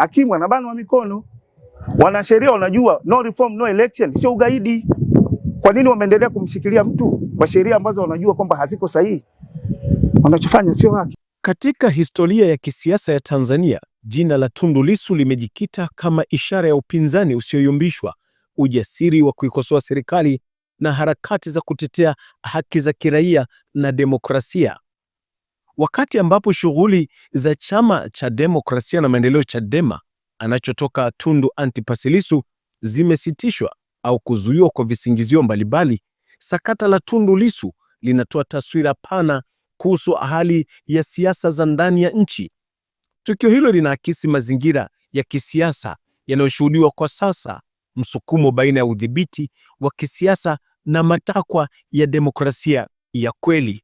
hakimu anabanwa mikono. Wanasheria wanajua no reform no election sio ugaidi. Kwa nini wameendelea kumshikilia mtu kwa sheria ambazo wanajua kwamba haziko sahihi? Wanachofanya sio haki. Katika historia ya kisiasa ya Tanzania, jina la Tundu Lissu limejikita kama ishara ya upinzani usioyumbishwa, ujasiri wa kuikosoa serikali na harakati za kutetea haki za kiraia na demokrasia wakati ambapo shughuli za chama cha demokrasia na maendeleo Chadema anachotoka Tundu Antipas Lissu zimesitishwa au kuzuiwa kwa visingizio mbalimbali, sakata la Tundu Lissu linatoa taswira pana kuhusu hali ya siasa za ndani ya nchi. Tukio hilo linaakisi mazingira ya kisiasa yanayoshuhudiwa kwa sasa, msukumo baina ya udhibiti wa kisiasa na matakwa ya demokrasia ya kweli.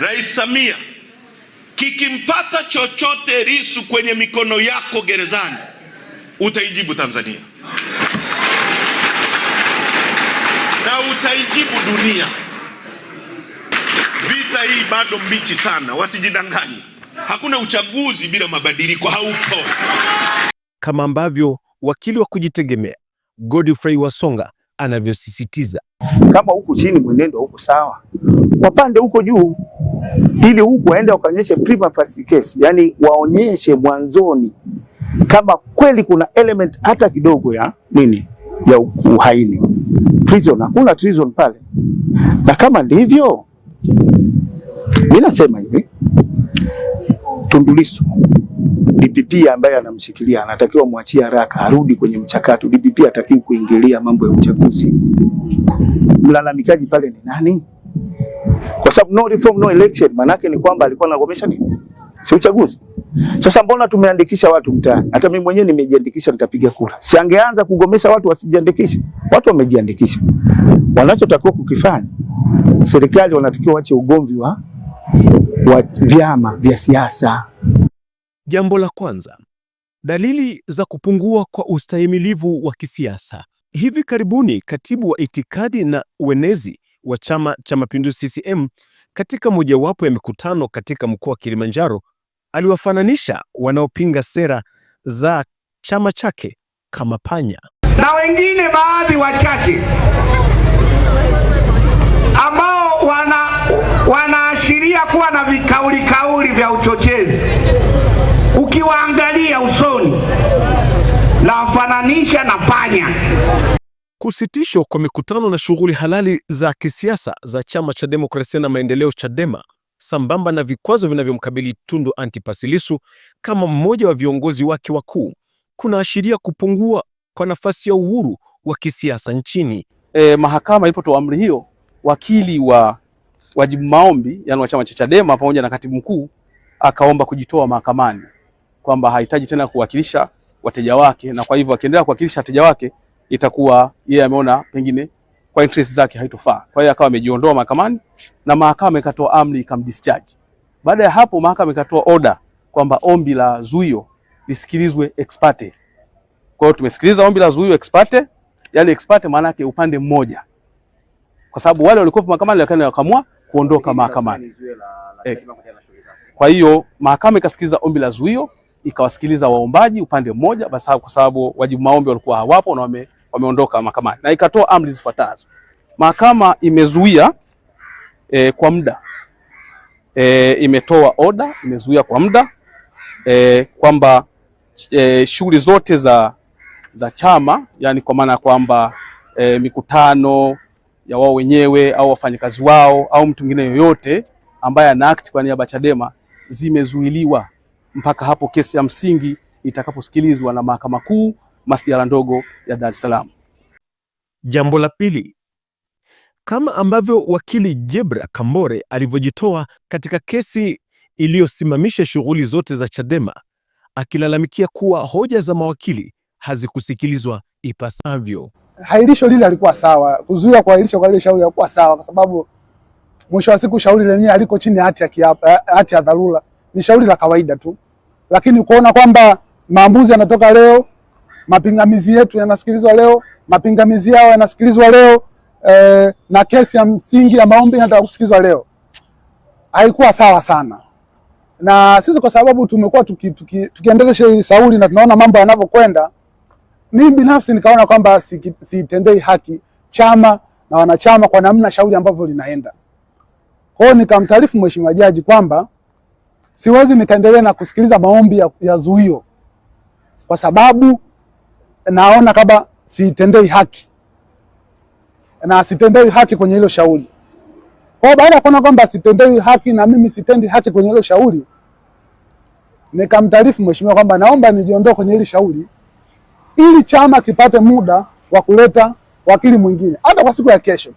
Rais Samia kikimpata chochote risu kwenye mikono yako gerezani, utaijibu Tanzania na utaijibu dunia. Vita hii bado mbichi sana, wasijidanganye. Hakuna uchaguzi bila mabadiliko, haupo. Kama ambavyo wakili wa kujitegemea Godfrey Wasonga anavyosisitiza. Kama huku chini mwenendo huko sawa, wapande huko juu, ili huku waende wakaonyeshe prima facie case, yani waonyeshe mwanzoni kama kweli kuna element hata kidogo ya nini ya uhaini treason. Hakuna treason pale, na kama ndivyo, mimi nasema hivi Tundu Lissu DPP ambaye anamshikilia anatakiwa mwachie haraka arudi kwenye mchakato. DPP atakiwa kuingilia mambo ya uchaguzi. Mlalamikaji pale ni nani? Kwa sababu no reform no election, manake ni kwamba alikuwa anagomesha nini? Si uchaguzi. Sasa mbona tumeandikisha watu mtaani? Hata mimi mwenyewe nimejiandikisha, nitapiga kura. Si angeanza kugomesha watu wasijiandikishe? Watu wamejiandikisha. Wanachotakiwa kukifanya, serikali wanatakiwa wache ugomvi wa, wa vyama vya siasa. Jambo la kwanza, dalili za kupungua kwa ustahimilivu wa kisiasa. Hivi karibuni katibu wa itikadi na uenezi wa Chama cha Mapinduzi CCM katika mojawapo ya mikutano katika mkoa wa Kilimanjaro aliwafananisha wanaopinga sera za chama chake kama panya, na wengine baadhi wachache ambao wanaashiria kuwa na kauli vya uchochezi ukiwaangalia usoni na wafananisha na panya. Kusitishwa kwa mikutano na shughuli halali za kisiasa za chama cha demokrasia na maendeleo Chadema sambamba na vikwazo vinavyomkabili Tundu Antipas Lissu kama mmoja wa viongozi wake wakuu kunaashiria kupungua kwa nafasi ya uhuru wa kisiasa nchini. E, mahakama ilipotoa amri hiyo, wakili wa wajibu maombi, yani wa chama cha Chadema pamoja na katibu mkuu akaomba kujitoa mahakamani kwamba hahitaji tena kuwakilisha wateja wake, na kwa hivyo akiendelea kuwakilisha wateja wake itakuwa yeye ameona pengine kwa interest zake haitofaa. Kwa hiyo akawa amejiondoa mahakamani na mahakama ikatoa amri ikamdischarge. Baada ya hapo, mahakama ikatoa order kwamba ombi la Zuio lisikilizwe ex parte. Kwa hiyo tumesikiliza ombi la Zuio ex parte, yani ex parte maana yake upande mmoja, kwa sababu wale walikuwa mahakamani lakini wakaamua kuondoka mahakamani. Eh. Kwa hiyo mahakama ikasikiliza ombi la Zuio ikawasikiliza waombaji upande mmoja, basi kwa sababu wajibu maombi walikuwa hawapo na wame, wameondoka mahakamani, na ikatoa amri zifuatazo. Mahakama imezuia e, kwa muda e, imetoa oda, imezuia kwa muda e, kwamba e, shughuli zote za, za chama yani kwa maana ya kwamba e, mikutano ya wao wenyewe au wafanyakazi wao au mtu mwingine yoyote ambaye ana act kwa niaba ya Chadema zimezuiliwa mpaka hapo kesi ya msingi itakaposikilizwa na Mahakama Kuu masjala ndogo ya Dar es Salaam. Jambo la pili, kama ambavyo wakili Jebra Kambore alivyojitoa katika kesi iliyosimamisha shughuli zote za Chadema akilalamikia kuwa hoja za mawakili hazikusikilizwa ipasavyo. Hairisho lile alikuwa sawa, kuzuia kuahirisha kwa ile shauri alikuwa sawa, kwa sababu mwisho wa siku shauri lenyewe aliko chini hati ya eh, hati ya dharura, ni shauri la kawaida tu lakini kuona kwamba maamuzi yanatoka leo, mapingamizi yetu yanasikilizwa leo, mapingamizi yao yanasikilizwa leo eh, na kesi ya msingi ya maombi inataka kusikilizwa leo, haikuwa sawa sana na sisi kwa sababu tumekuwa tukiendeleza tuki, tuki hii sauli na tunaona mambo yanavyokwenda, mimi binafsi nikaona kwamba siitendei si haki chama na wanachama kwa namna shauri ambavyo linaenda. Kwa hiyo nikamtaarifu mheshimiwa jaji kwamba siwezi nikaendelea na kusikiliza maombi ya, ya Zuio kwa sababu naona kama siitendei haki na sitendei haki kwenye hilo shauri. Kwa hiyo baada ya kuona kwamba sitendei haki na mimi sitendi haki kwenye hilo shauri, nikamtaarifu mheshimiwa kwamba naomba nijiondoe kwenye hili shauri ili chama kipate muda wa kuleta wakili mwingine hata kwa siku ya kesho,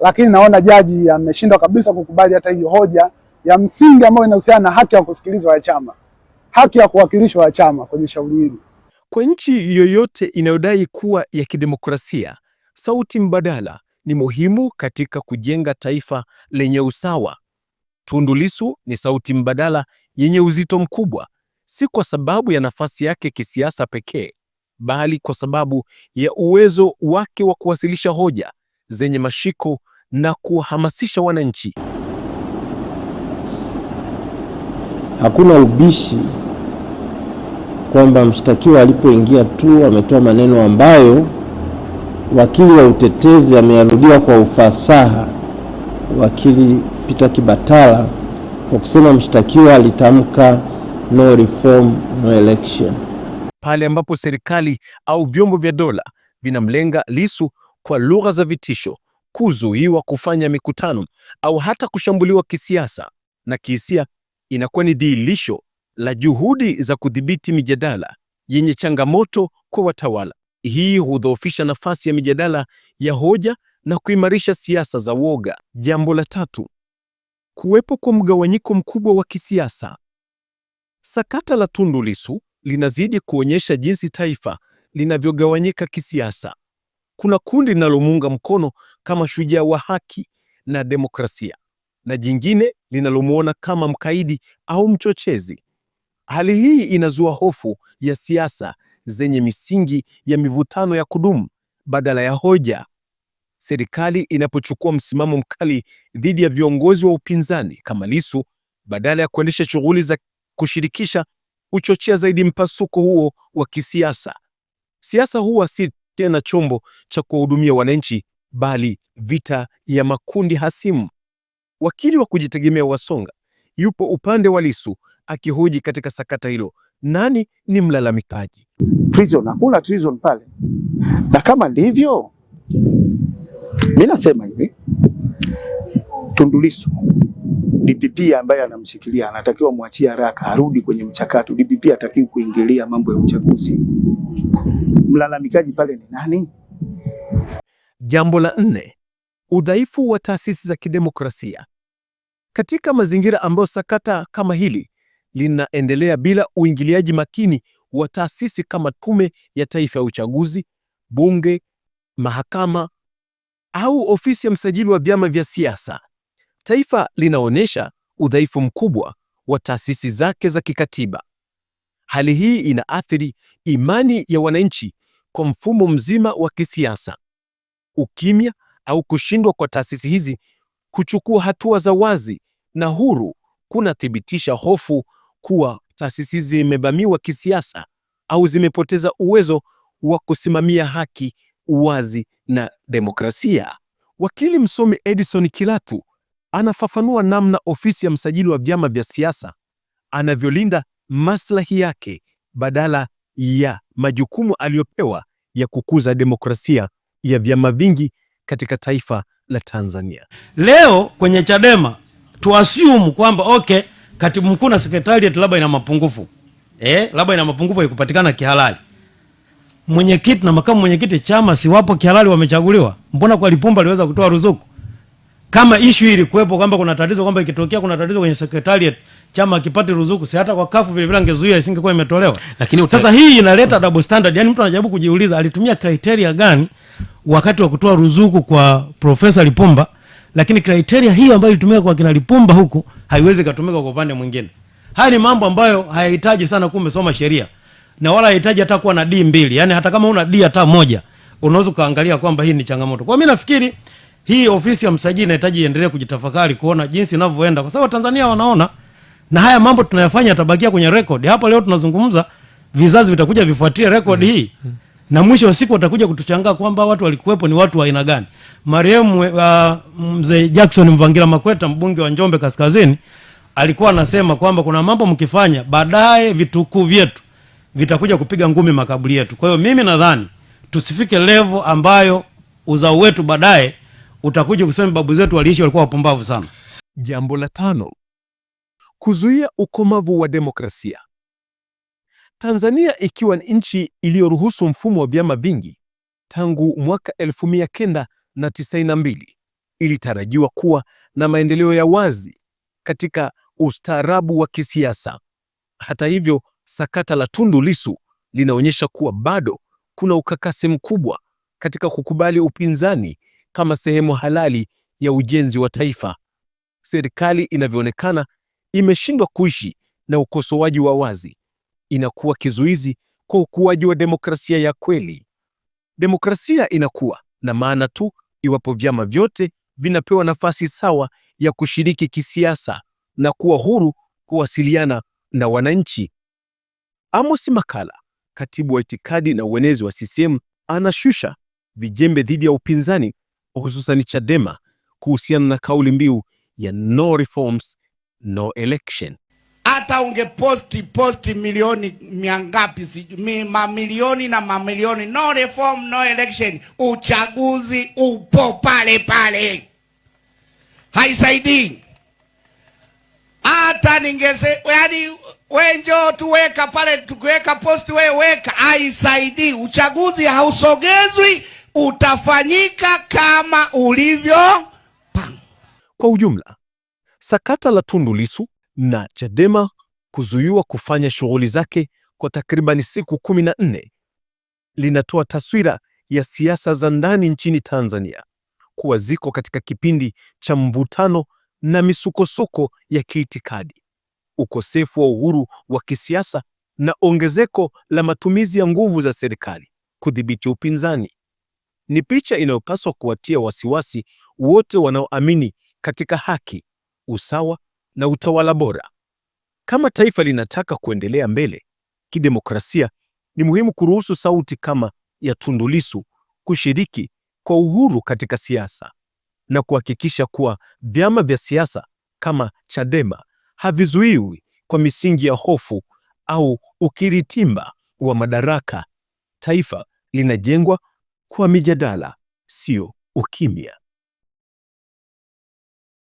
lakini naona jaji ameshindwa kabisa kukubali hata hiyo hoja ya msingi ambayo inahusiana na haki ya kusikilizwa ya chama, haki ya kuwakilishwa ya chama kwenye shauri hili. Kwa nchi yoyote inayodai kuwa ya kidemokrasia, sauti mbadala ni muhimu katika kujenga taifa lenye usawa. Tundu Lissu ni sauti mbadala yenye uzito mkubwa, si kwa sababu ya nafasi yake kisiasa pekee, bali kwa sababu ya uwezo wake wa kuwasilisha hoja zenye mashiko na kuhamasisha wananchi. Hakuna ubishi kwamba mshtakiwa alipoingia tu ametoa maneno ambayo wakili wa utetezi ameyarudia kwa ufasaha, wakili Peter Kibatala, kwa kusema mshtakiwa alitamka no reform no election. Pale ambapo serikali au vyombo vya dola vinamlenga Lissu kwa lugha za vitisho, kuzuiwa kufanya mikutano au hata kushambuliwa kisiasa na kihisia inakuwa ni dhihirisho la juhudi za kudhibiti mijadala yenye changamoto kwa watawala. Hii hudhoofisha nafasi ya mijadala ya hoja na kuimarisha siasa za woga. Jambo la tatu, kuwepo kwa mgawanyiko mkubwa wa kisiasa. Sakata la Tundu Lissu linazidi kuonyesha jinsi taifa linavyogawanyika kisiasa. Kuna kundi linalomuunga mkono kama shujaa wa haki na demokrasia na jingine linalomuona kama mkaidi au mchochezi. Hali hii inazua hofu ya siasa zenye misingi ya mivutano ya kudumu badala ya hoja. Serikali inapochukua msimamo mkali dhidi ya viongozi wa upinzani kama Lissu, badala ya kuendesha shughuli za kushirikisha, huchochea zaidi mpasuko huo wa kisiasa. Siasa huwa si tena chombo cha kuwahudumia wananchi, bali vita ya makundi hasimu. Wakili wa kujitegemea Wasonga yupo upande wa Lissu akihoji katika sakata hilo, nani ni mlalamikaji? Treason? Hakuna treason pale, na kama ndivyo, mimi nasema hivi, Tundu Lissu DPP ambaye anamshikilia anatakiwa mwachie haraka arudi kwenye mchakato. DPP atakiwa kuingilia mambo ya uchaguzi. Mlalamikaji pale ni nani? Jambo la nne, udhaifu wa taasisi za kidemokrasia katika mazingira ambayo sakata kama hili linaendelea bila uingiliaji makini wa taasisi kama Tume ya Taifa ya Uchaguzi, Bunge, mahakama au ofisi ya msajili wa vyama vya siasa, taifa linaonyesha udhaifu mkubwa wa taasisi zake za kikatiba. Hali hii inaathiri imani ya wananchi kwa mfumo mzima wa kisiasa. Ukimya au kushindwa kwa taasisi hizi kuchukua hatua za wazi na huru kunathibitisha hofu kuwa taasisi zimevamiwa kisiasa au zimepoteza uwezo wa kusimamia haki, uwazi na demokrasia. Wakili msomi Edison Kilatu anafafanua namna ofisi ya msajili wa vyama vya siasa anavyolinda maslahi yake badala ya majukumu aliyopewa ya kukuza demokrasia ya vyama vingi katika taifa la Tanzania. Leo kwenye Chadema tuassume kwamba okay, katibu mkuu na sekretarieti labda ina mapungufu eh, labda ina mapungufu ya kupatikana kihalali. Mwenyekiti na makamu mwenyekiti chama si wapo kihalali, wamechaguliwa. Mbona kwa Lipumba aliweza kutoa ruzuku? Kama issue hii ilikuwepo kwamba kuna tatizo kwamba ikitokea kuna tatizo kwenye sekretarieti chama akipati ruzuku, si hata kwa kafu vile vile angezuia isingekuwa imetolewa. Lakini sasa hii inaleta double standard, yani mtu anajaribu kujiuliza alitumia criteria gani wakati wa kutoa ruzuku kwa Profesa Lipumba lakini kriteria hiyo ambayo ilitumika kwa kina Lipumba huku haiwezi katumika kwa upande mwingine. Haya ni mambo ambayo hayahitaji sana kuwa umesoma sheria na wala hahitaji hata kuwa na D mbili, yani hata kama una D hata moja unaweza ukaangalia kwamba hii ni changamoto. Kwa mimi nafikiri hii ofisi ya msajili inahitaji iendelee kujitafakari kuona jinsi inavyoenda, kwa sababu Tanzania wanaona na haya mambo tunayafanya yatabakia kwenye rekodi. Hapa leo tunazungumza, vizazi vitakuja vifuatie rekodi mm-hmm. hii. Mm-hmm na mwisho wa siku watakuja kutuchangaa kwamba watu walikuwepo ni watu wa aina gani. Marehemu uh, mzee Jackson Mvangira Makweta, mbunge wa Njombe Kaskazini, alikuwa anasema kwamba kuna mambo mkifanya, baadaye vitukuu vyetu vitakuja kupiga ngumi makaburi yetu. Kwa hiyo mimi nadhani tusifike levo ambayo uzao wetu baadaye utakuja kusema babu zetu waliishi walikuwa wapumbavu sana. Jambo la tano, kuzuia ukomavu wa demokrasia. Tanzania ikiwa ni nchi iliyoruhusu mfumo wa vyama vingi tangu mwaka 1992 ilitarajiwa kuwa na maendeleo ya wazi katika ustaarabu wa kisiasa. Hata hivyo, sakata la Tundu Lissu linaonyesha kuwa bado kuna ukakasi mkubwa katika kukubali upinzani kama sehemu halali ya ujenzi wa taifa. Serikali inavyoonekana imeshindwa kuishi na ukosoaji wa wazi inakuwa kizuizi kwa ukuaji wa demokrasia ya kweli. Demokrasia inakuwa na maana tu iwapo vyama vyote vinapewa nafasi sawa ya kushiriki kisiasa na kuwa huru kuwasiliana na wananchi. Amos makala katibu wa itikadi na uenezi wa CCM, anashusha vijembe dhidi ya upinzani hususan Chadema kuhusiana na kauli mbiu ya no reforms, no election hata ungeposti posti milioni mia ngapi mamilioni na mamilioni, no reform no election, uchaguzi upo pale pale, haisaidii hata ningese, yani we njoo tuweka pale, tukiweka posti we weka, haisaidii. Uchaguzi hausogezwi, utafanyika kama ulivyo pang. Kwa ujumla, sakata la Tundu Lissu na Chadema kuzuiwa kufanya shughuli zake kwa takriban siku kumi na nne linatoa taswira ya siasa za ndani nchini Tanzania kuwa ziko katika kipindi cha mvutano na misukosuko ya kiitikadi, ukosefu wa uhuru wa kisiasa na ongezeko la matumizi ya nguvu za serikali kudhibiti upinzani. Ni picha inayopaswa kuwatia wasiwasi wote wanaoamini katika haki, usawa na utawala bora. Kama taifa linataka kuendelea mbele kidemokrasia, ni muhimu kuruhusu sauti kama ya Tundu Lissu kushiriki kwa uhuru katika siasa na kuhakikisha kuwa vyama vya siasa kama Chadema havizuiwi kwa misingi ya hofu au ukiritimba wa madaraka. Taifa linajengwa kwa mijadala, sio ukimya.